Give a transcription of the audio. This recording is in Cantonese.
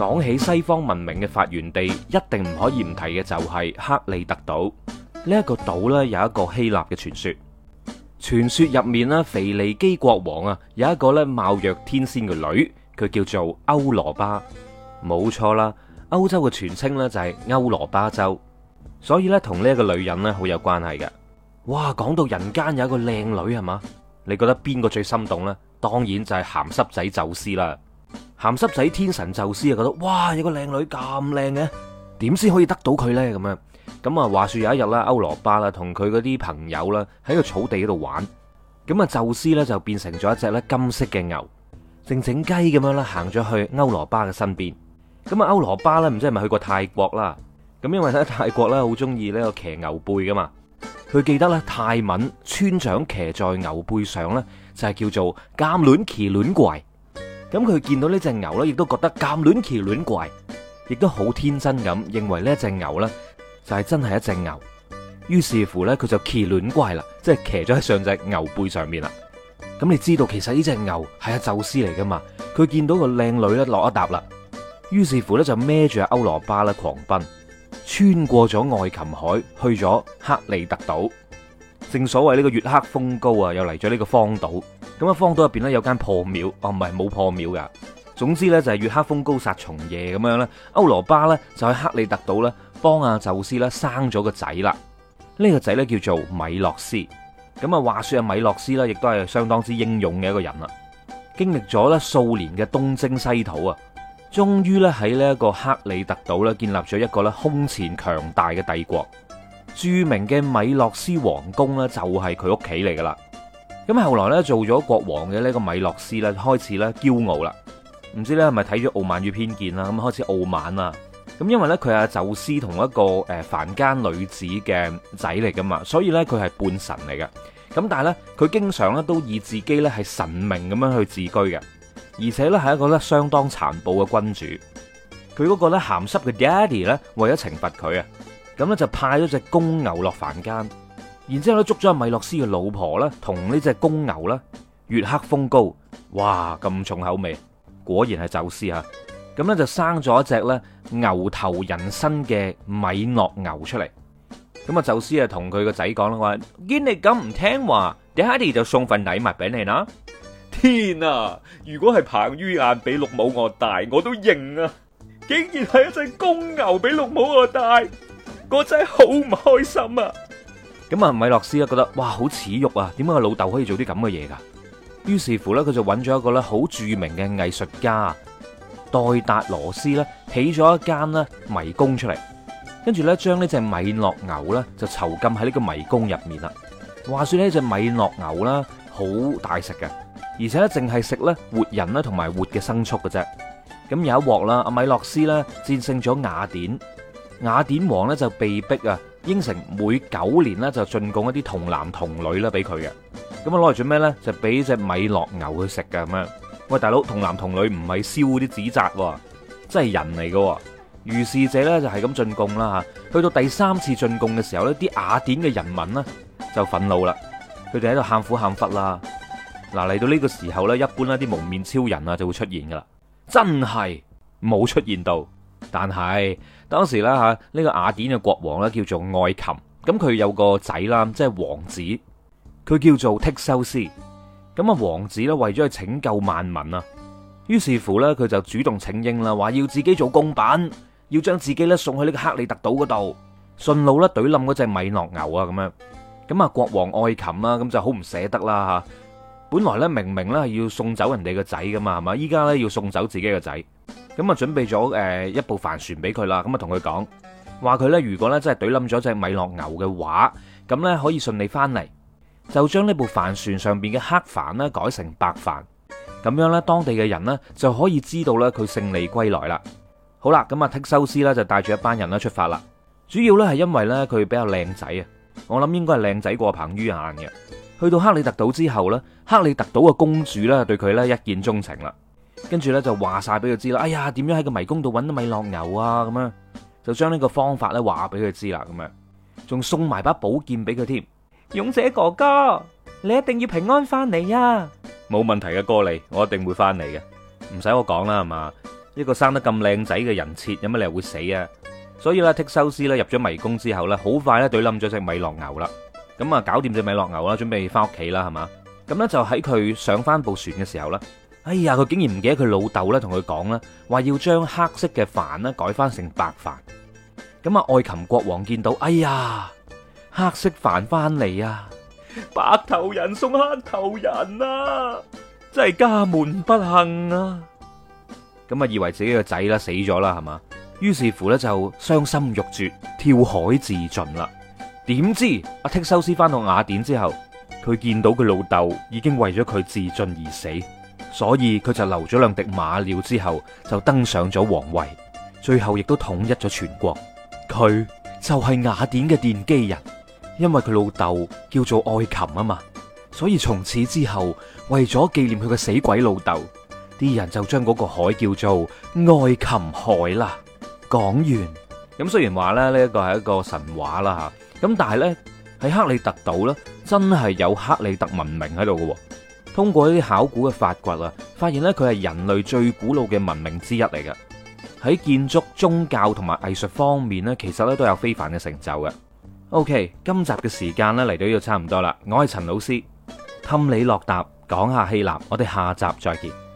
講起西方文明嘅發源地，一定唔可以唔提嘅就係克里特島呢一個島咧，有一個希臘嘅傳說，傳說入面呢，腓尼基國王啊有一個呢貌若天仙嘅女，佢叫做歐羅巴，冇錯啦，歐洲嘅全稱呢就係歐羅巴洲。所以呢，同呢一個女人呢好有關係嘅。哇，講到人間有一個靚女係嘛，你覺得邊個最心動呢？當然就係咸濕仔宙斯啦。鹹濕仔天神宙斯啊，覺得哇，有個靚女咁靚嘅，點先可以得到佢呢？咁樣咁啊，話說有一日啦，歐羅巴啦同佢嗰啲朋友啦喺個草地嗰度玩，咁啊宙斯咧就變成咗一隻咧金色嘅牛，靜靜雞咁樣啦行咗去歐羅巴嘅身邊。咁啊歐羅巴咧唔知係咪去過泰國啦？咁因為咧泰國咧好中意呢個騎牛背噶嘛，佢記得咧泰文村長騎在牛背上咧就係、是、叫做監卵騎卵怪。咁佢見到呢隻牛呢，亦都覺得咁亂騎亂怪，亦都好天真咁認為呢一隻牛呢，就係、是、真係一隻牛。於是乎呢，佢就騎亂怪啦，即係騎咗喺上隻牛背上面啦。咁你知道其實呢隻牛係阿宙斯嚟噶嘛。佢見到個靚女咧落一笪啦，於是乎呢，就孭住阿歐羅巴啦狂奔，穿過咗愛琴海去咗克里特島。正所謂呢個月黑風高啊，又嚟咗呢個荒島。咁啊，荒島入邊咧有間破廟，哦唔係冇破廟噶，總之呢，就係月黑風高殺蟲夜咁樣咧，歐羅巴咧就喺克里特島咧幫阿宙斯啦生咗個仔啦，呢個仔咧叫做米洛斯。咁啊，話說阿米洛斯咧亦都係相當之英勇嘅一個人啦，經歷咗咧數年嘅東征西討啊，終於咧喺呢一個克里特島咧建立咗一個咧空前強大嘅帝國，著名嘅米洛斯皇宮咧就係佢屋企嚟噶啦。咁啊，後來咧做咗國王嘅呢個米洛斯咧，開始咧驕傲啦，唔知咧係咪睇咗傲慢與偏見啦，咁啊開始傲慢啦。咁因為咧佢係宙斯同一個誒凡間女子嘅仔嚟噶嘛，所以咧佢係半神嚟嘅。咁但係咧佢經常咧都以自己咧係神明咁樣去自居嘅，而且咧係一個咧相當殘暴嘅君主。佢嗰個咧鹹濕嘅爹哋咧，為咗懲罰佢啊，咁咧就派咗隻公牛落凡間。然之後咧捉咗阿米洛斯嘅老婆咧，同呢隻公牛咧，月黑風高，哇咁重口味，果然係宙斯吓，咁咧就生咗一隻咧牛頭人身嘅米諾牛出嚟。咁啊宙斯啊同佢個仔講啦，話見你咁唔聽話，爹哋就送份禮物俾你啦。天啊！如果係彭于晏比綠帽我戴，我都認啊！竟然係一隻公牛比綠帽我戴，我真係好唔開心啊！咁啊米洛斯咧覺得哇，好恥辱啊！點解個老豆可以做啲咁嘅嘢噶？於是乎呢佢就揾咗一個咧好著名嘅藝術家代達羅斯呢起咗一間呢迷宮出嚟，跟住呢，將呢隻米諾牛呢就囚禁喺呢個迷宮入面啦。話說呢隻米諾牛啦，好大食嘅，而且呢淨係食呢活人咧同埋活嘅牲畜嘅啫。咁有一鑊啦，阿米洛斯呢戰勝咗雅典，雅典王呢就被逼啊！應承每九年咧，就進貢一啲童男童女啦俾佢嘅，咁啊攞嚟做咩咧？就俾隻米諾牛去食嘅咁樣。喂，大佬，童男童女唔係燒嗰啲紙紮，真係人嚟嘅。如是者咧就係咁進貢啦吓。去到第三次進貢嘅時候咧，啲雅典嘅人民呢，就憤怒啦，佢哋喺度喊苦喊忽啦。嗱，嚟到呢個時候咧，一般咧啲蒙面超人啊就會出現噶啦，真係冇出現到。但係當時咧吓，呢個雅典嘅國王咧叫做愛琴，咁佢有個仔啦，即係王子，佢叫做忒修斯。咁啊王子咧為咗去拯救萬民啊，於是乎呢，佢就主動請纓啦，話要自己做貢品，要將自己呢送去呢個克里特島嗰度，順路呢，懟冧嗰隻米諾牛啊咁樣。咁啊國王愛琴啊，咁就好唔捨得啦吓，啊。本來呢，明明呢，係要送走人哋個仔噶嘛，係嘛？依家呢，要送走自己個仔。咁啊，準備咗誒一部帆船俾佢啦，咁啊，同佢講話佢呢如果呢真係對冧咗隻米諾牛嘅話，咁呢可以順利翻嚟，就將呢部帆船上邊嘅黑帆呢改成白帆，咁樣呢，當地嘅人呢就可以知道呢，佢勝利歸來啦。好啦，咁啊，忒修斯呢，就帶住一班人啦出發啦，主要呢係因為呢，佢比較靚仔啊，我諗應該係靚仔過彭于晏嘅。去到克里特島之後呢，克里特島嘅公主呢對佢呢一見鍾情啦。跟住呢就話晒俾佢知啦，哎呀，點樣喺個迷宮度搵到米諾牛啊？咁樣就將呢個方法呢話俾佢知啦，咁樣仲送埋把寶劍俾佢添。勇者哥哥，你一定要平安翻嚟啊！冇問題嘅，哥尼，我一定會翻嚟嘅，唔使我講啦，係嘛？一個生得咁靚仔嘅人設，有乜理由會死啊？所以呢，剔修斯呢入咗迷宮之後呢，好快呢懟冧咗隻米諾牛啦。咁啊，搞掂隻米諾牛啦，準備翻屋企啦，係嘛？咁呢，就喺佢上翻部船嘅時候啦。哎呀！佢竟然唔記得佢老豆咧，同佢講啦，話要將黑色嘅帆咧改翻成白帆。咁啊，愛琴國王見到，哎呀，黑色帆翻嚟啊，白頭人送黑頭人啊，真係家門不幸啊。咁啊，以為自己個仔啦死咗啦，係嘛？於是乎呢，就傷心欲絕，跳海自盡啦。點知阿、啊、剔修斯翻到雅典之後，佢見到佢老豆已經為咗佢自盡而死。所以佢就留咗兩滴馬尿之後，就登上咗皇位，最後亦都統一咗全國。佢就係雅典嘅奠基人，因為佢老豆叫做愛琴啊嘛，所以從此之後為咗紀念佢嘅死鬼老豆，啲人就將嗰個海叫做愛琴海啦。講完。咁雖然話咧呢一個係一個神話啦吓，咁但係呢，喺克里特島咧真係有克里特文明喺度嘅。通過一啲考古嘅發掘啊，發現咧佢係人類最古老嘅文明之一嚟嘅。喺建築、宗教同埋藝術方面咧，其實咧都有非凡嘅成就嘅。OK，今集嘅時間咧嚟到呢度差唔多啦。我係陳老師，探理落答講下希臘，我哋下集再見。